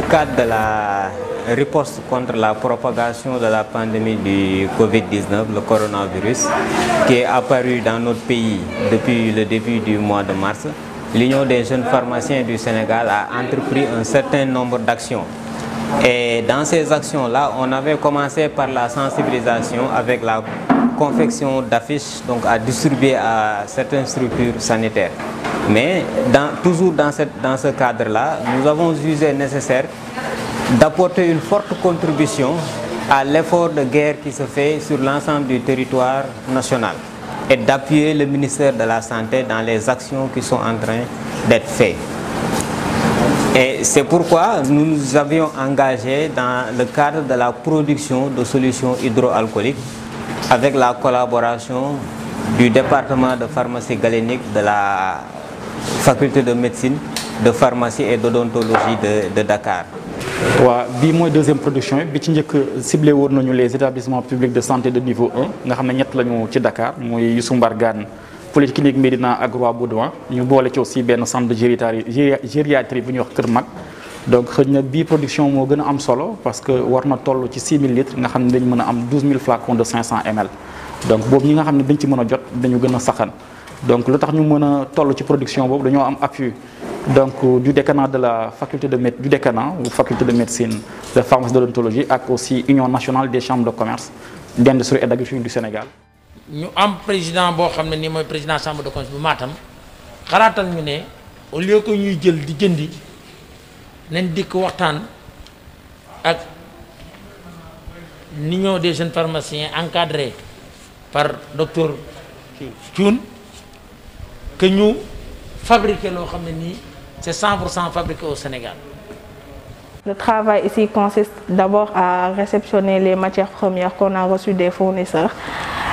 le cadre de la riposte contre la propagation de la pandémie du Covid-19, le coronavirus, qui est apparu dans notre pays depuis le début du mois de mars, l'Union des jeunes pharmaciens du Sénégal a entrepris un certain nombre d'actions. Et dans ces actions-là, on avait commencé par la sensibilisation avec la confection d'affiches donc à distribuer à certaines structures sanitaires. Mais toujours dans, dans ce cadre-là, nous avons jugé nécessaire d'apporter une forte contribution à l'effort de guerre qui se fait sur l'ensemble du territoire national et d'appuyer le ministère de la Santé dans les actions qui sont en train d'être faites. Et c'est pourquoi nous nous avions engagés dans le cadre de la production de solutions hydroalcooliques avec la collaboration du département de pharmacie galénique de la faculté de médecine de pharmacie et d'odontologie de de Dakar. Oui, c'est la deuxième production bi ci ciblé les établissements publics de santé de niveau 1 Nous sommes ne Dakar, lañu Dakar muy Pour les polyclinique Médina ak Roi Nous ñu aussi un centre de gériatrie bu Kermak. wax donc production de parce que war na ci litres Nous avons 12 000 flacons de 500 ml donc si nous avons un petit peu de temps donc le temps ñu avons a production donc du décanat de la faculté de médecine, du décanat ou faculté de médecine de pharmacie l'ontologie, ak aussi union nationale des chambres de commerce d'industrie et d'agriculture du Sénégal. ñu am président le chambre de commerce au lieu que ñuy des jeunes pharmaciens encadré par docteur de que nous, fabriquer le c'est 100 fabriqué au Sénégal. Le travail ici consiste d'abord à réceptionner les matières premières qu'on a reçues des fournisseurs,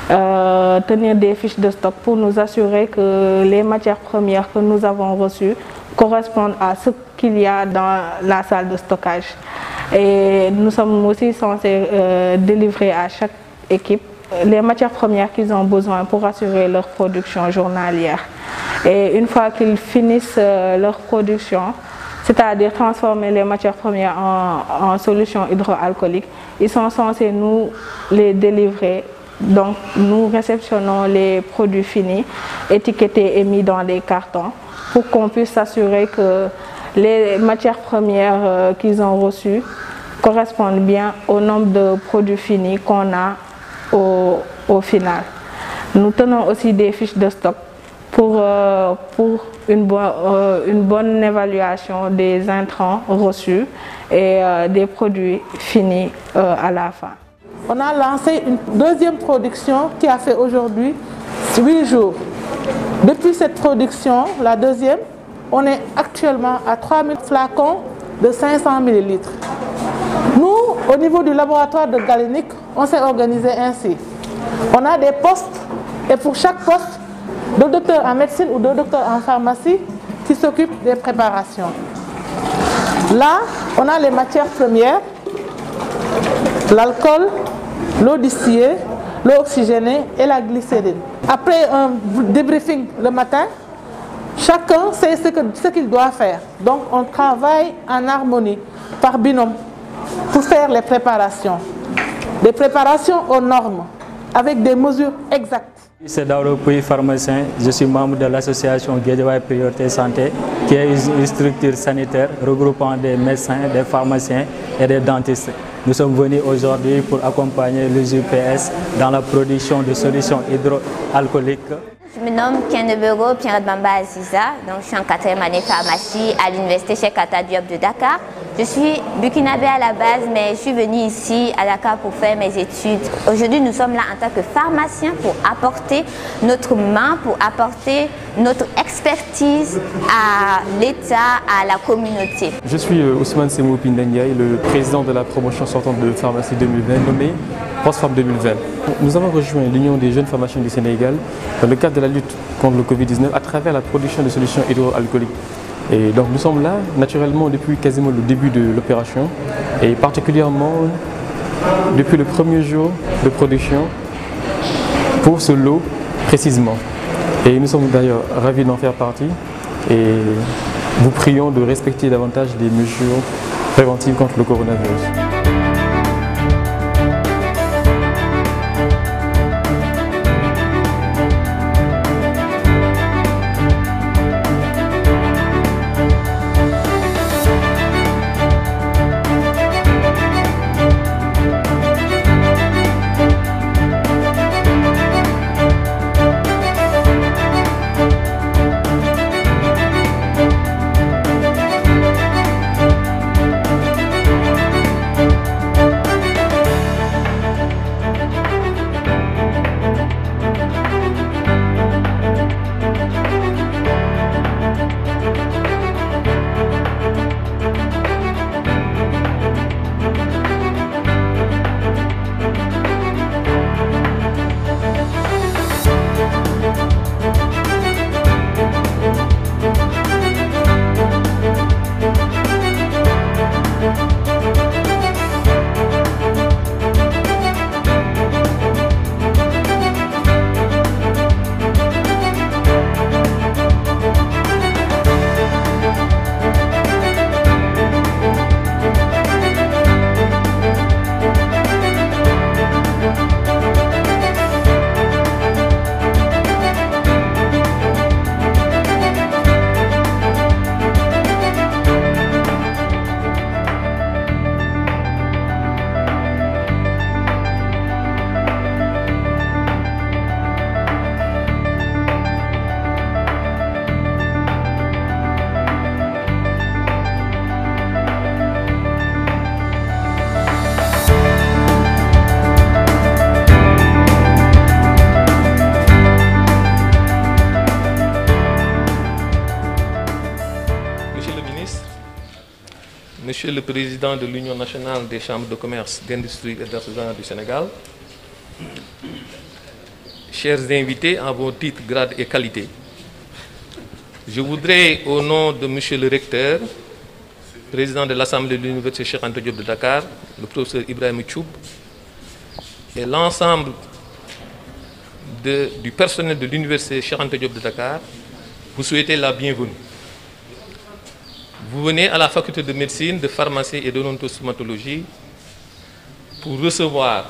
euh, tenir des fiches de stock pour nous assurer que les matières premières que nous avons reçues correspondent à ce qu'il y a dans la salle de stockage. Et nous sommes aussi censés euh, délivrer à chaque équipe les matières premières qu'ils ont besoin pour assurer leur production journalière. Et une fois qu'ils finissent euh, leur production, c'est-à-dire transformer les matières premières en, en, solutions hydroalcooliques. Ils sont censés nous les délivrer. Donc nous réceptionnons les produits finis, étiquetés et mis dans des cartons pour qu'on puisse s'assurer que les matières premières euh, qu'ils ont reçues correspondent bien au nombre de produits finis qu'on a au, final. Nous tenons aussi des fiches de stock pour, euh, pour une, euh, une, bonne évaluation des intrants reçus et euh, des produits finis à la fin. On a lancé une deuxième production qui a fait aujourd'hui 8 jours. Depuis cette production, la deuxième, on est actuellement à 3000 flacons de 500 ml. Nous, au niveau du laboratoire de Galénique, on s'est organisé ainsi. On a des postes et pour chaque poste, deux docteurs en médecine ou deux docteurs en pharmacie qui s'occupent des préparations. Là, on a les matières premières, l'alcool, l'eau distillée, l'eau oxygénée et la glycérine. Après un débriefing le matin, chacun sait ce qu'il doit faire. Donc on travaille en harmonie, par binôme pour faire les préparations. Des préparations aux normes, avec des mesures exactes. C'est le Puy pharmacien. Je suis membre de l'association et Priorité Santé, qui est une structure sanitaire regroupant des médecins, des pharmaciens et des dentistes. Nous sommes venus aujourd'hui pour accompagner les UPS dans la production de solutions hydroalcooliques. Je me nomme Pierre Bamba Aziza, donc je suis en quatrième année pharmacie à l'université Cheikh Anta Diop de Dakar. Je suis Bukinabe à la base, mais je suis venue ici à Dakar pour faire mes études. Aujourd'hui, nous sommes là en tant que pharmaciens pour apporter notre main, pour apporter notre expertise à l'État, à la communauté. Je suis euh, Ousmane Semou Pindangay, le président de la promotion sortante de pharmacie 2020, nommé 2020. Nous avons rejoint l'Union des jeunes pharmaciens du Sénégal dans le cadre de la lutte contre le Covid-19 à travers la production de solutions hydroalcooliques. Et donc nous sommes là naturellement depuis quasiment le début de l'opération et particulièrement depuis le premier jour de production pour ce lot précisément. Et nous sommes d'ailleurs ravis d'en faire partie et vous prions de respecter davantage les mesures préventives contre le coronavirus. Monsieur le Président de l'Union nationale des chambres de commerce, d'industrie et d'artisanat du Sénégal, chers invités à vos titres, grades et qualités, je voudrais, au nom de Monsieur le Recteur, Président de l'Assemblée de l'Université Cheikh de Dakar, le professeur Ibrahim Tchoub, et l'ensemble du personnel de l'Université Cheikh de Dakar, vous souhaiter la bienvenue. Vous venez à la faculté de médecine, de pharmacie et de somatologie pour recevoir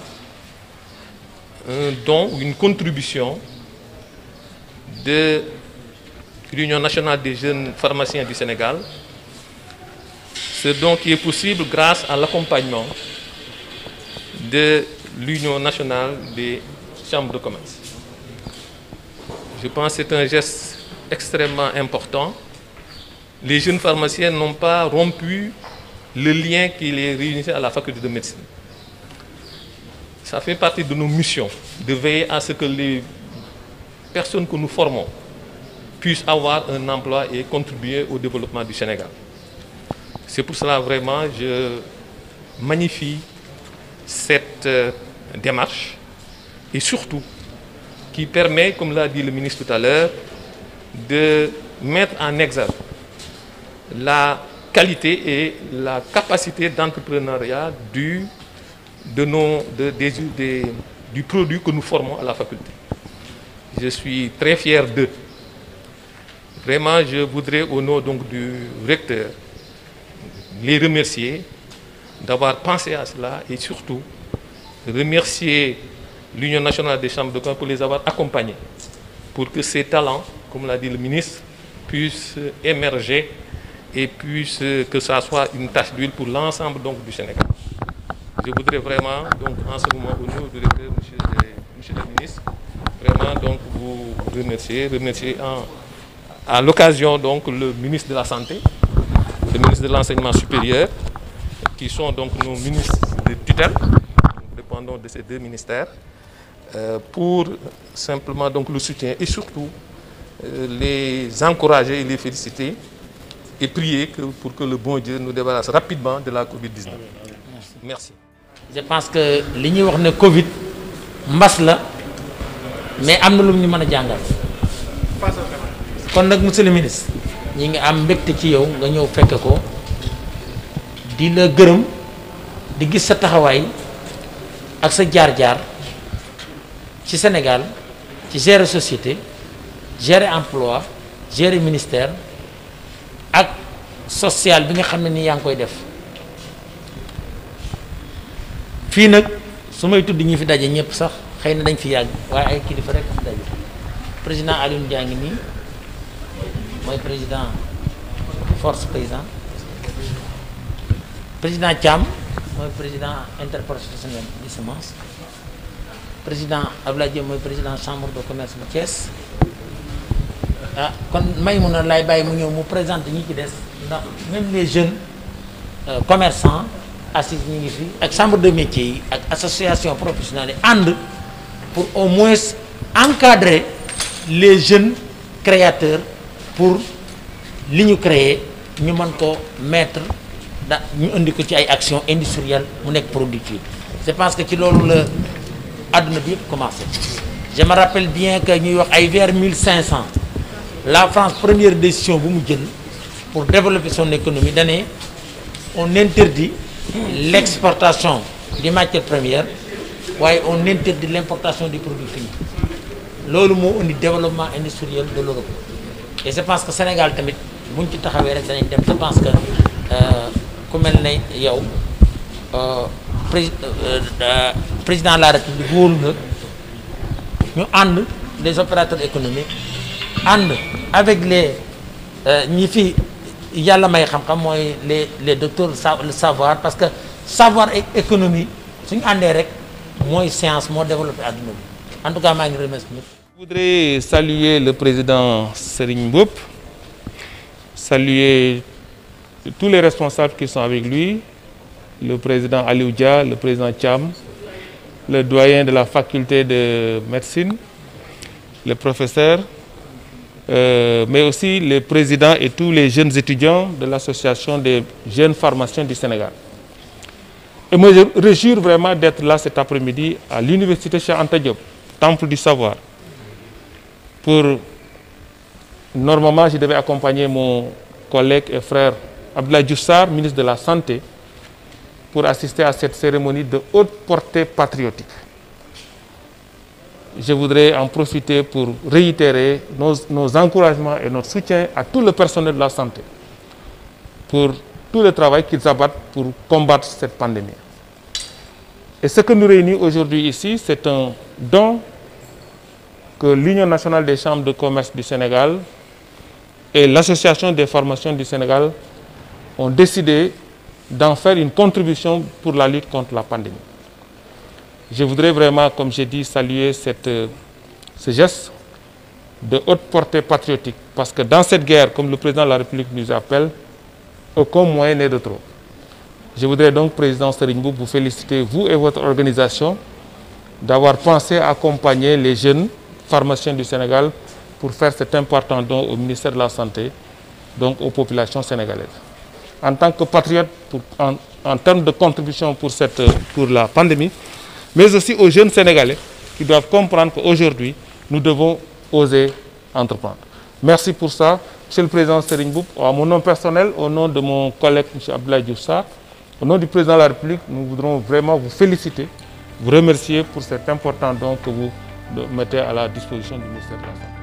un don ou une contribution de l'Union nationale des jeunes pharmaciens du Sénégal. Ce don qui est possible grâce à l'accompagnement de l'Union nationale des chambres de commerce. Je pense que c'est un geste extrêmement important les jeunes pharmaciens n'ont pas rompu le lien qui les réunissait à la faculté de médecine. Ça fait partie de nos missions de veiller à ce que les personnes que nous formons puissent avoir un emploi et contribuer au développement du Sénégal. C'est pour cela vraiment je magnifie cette euh, démarche et surtout qui permet, comme l'a dit le ministre tout à l'heure, de mettre en exergue la qualité et la capacité d'entrepreneuriat du, de de, du produit que nous formons à la faculté. Je suis très fier d'eux. Vraiment, je voudrais au nom donc, du recteur les remercier d'avoir pensé à cela et surtout remercier l'Union nationale des chambres de commerce pour les avoir accompagnés, pour que ces talents, comme l'a dit le ministre, puissent émerger et puis que ça soit une tâche d'huile pour l'ensemble du Sénégal. Je voudrais vraiment, donc en ce moment au nom du le ministre, vraiment donc vous remercier, remercier à l'occasion donc le ministre de la Santé, le ministre de l'Enseignement supérieur, qui sont donc nos ministres de tutelle, dépendons de ces deux ministères, euh, pour simplement donc le soutien et surtout euh, les encourager et les féliciter et prier pour que le bon Dieu nous débarrasse rapidement de la Covid-19. Merci. Je pense que de Covid mais nous lu ñu nous jàngal. monsieur le ministre ñi am fait ci yow nga ce nous gërëm Sénégal gérer société gérer emploi gérer ministère. ak social bi nga xam ne nii yaa ngi koy def fii nag su may tudd ñu fi daje ñëpp sax xëy na dañ fi yàgg waaye ay kilifa rek fi daje président Alioune Dia ngi nii mooy président force paysan président Thiam mooy président interprofessionnel du semence président Abdoulaye jëm mooy président chambre de commerce bu Thiès. ah présente même les jeunes euh, commerçants assis ici chambre de métier avec ak association professionnelle pour au moins encadrer les jeunes créateurs pour ce créer nous manquons ko mettre dans une action ko ci productive je pense que c'est le que commencé je me rappelle bien que nous wax vers 1500 la France première décision pour développer son économie on interdit l'exportation des matières premières et on interdit l'importation des produits finis loolu est le développement industriel de l'Europe et je pense que le Sénégal je pense que euh, le euh, euh, président de la République nous avons des les opérateurs économiques avec les nifi il y a la xam les les docteurs le savoir parce que savoir et économie c'est une rek Moi, science moins développé en tout cas Je voudrais saluer le président Serigne saluer tous les responsables qui sont avec lui, le président alioudia le président Cham, le doyen de la faculté de médecine, le professeur, euh, mais aussi les présidents et tous les jeunes étudiants de l'association des jeunes pharmaciens du Sénégal. Et moi, je réjouis vraiment d'être là cet après-midi à l'université chez Anta temple du savoir, pour... Normalement, je devais accompagner mon collègue et frère Abdoulaye Djoussar, ministre de la Santé, pour assister à cette cérémonie de haute portée patriotique je voudrais en profiter pour réitérer nos, encouragements et notre soutien à tout le personnel de la santé pour tout le travail qu'ils abattent pour combattre cette pandémie. Et ce que nous réunissons aujourd'hui ici, c'est un don que l'Union nationale des chambres de commerce du Sénégal et l'Association des formations du Sénégal ont décidé d'en faire une contribution pour la lutte contre la pandémie. Je voudrais vraiment, comme j'ai dit, saluer cette, euh, ce geste de haute portée patriotique. Parce que dans cette guerre, comme le président de la République nous appelle, aucun moyen n'est de trop. Je voudrais donc, président Seringbou, vous féliciter, vous et votre organisation, d'avoir pensé accompagner les jeunes pharmaciens du Sénégal pour faire cet important don au ministère de la Santé, donc aux populations sénégalaises. En tant que patriote, en, en, termes de contribution pour, cette, euh, pour la pandémie, mais aussi aux jeunes Sénégalais qui doivent comprendre qu'aujourd'hui, nous devons oser entreprendre. Merci pour ça, M. le Président Seringboub, À mon nom personnel, au nom de mon collègue M. Abdoulaye Sark, au nom du Président de la République, nous voudrons vraiment vous féliciter, vous remercier pour cet important don que vous mettez à la disposition du ministère de la Santé.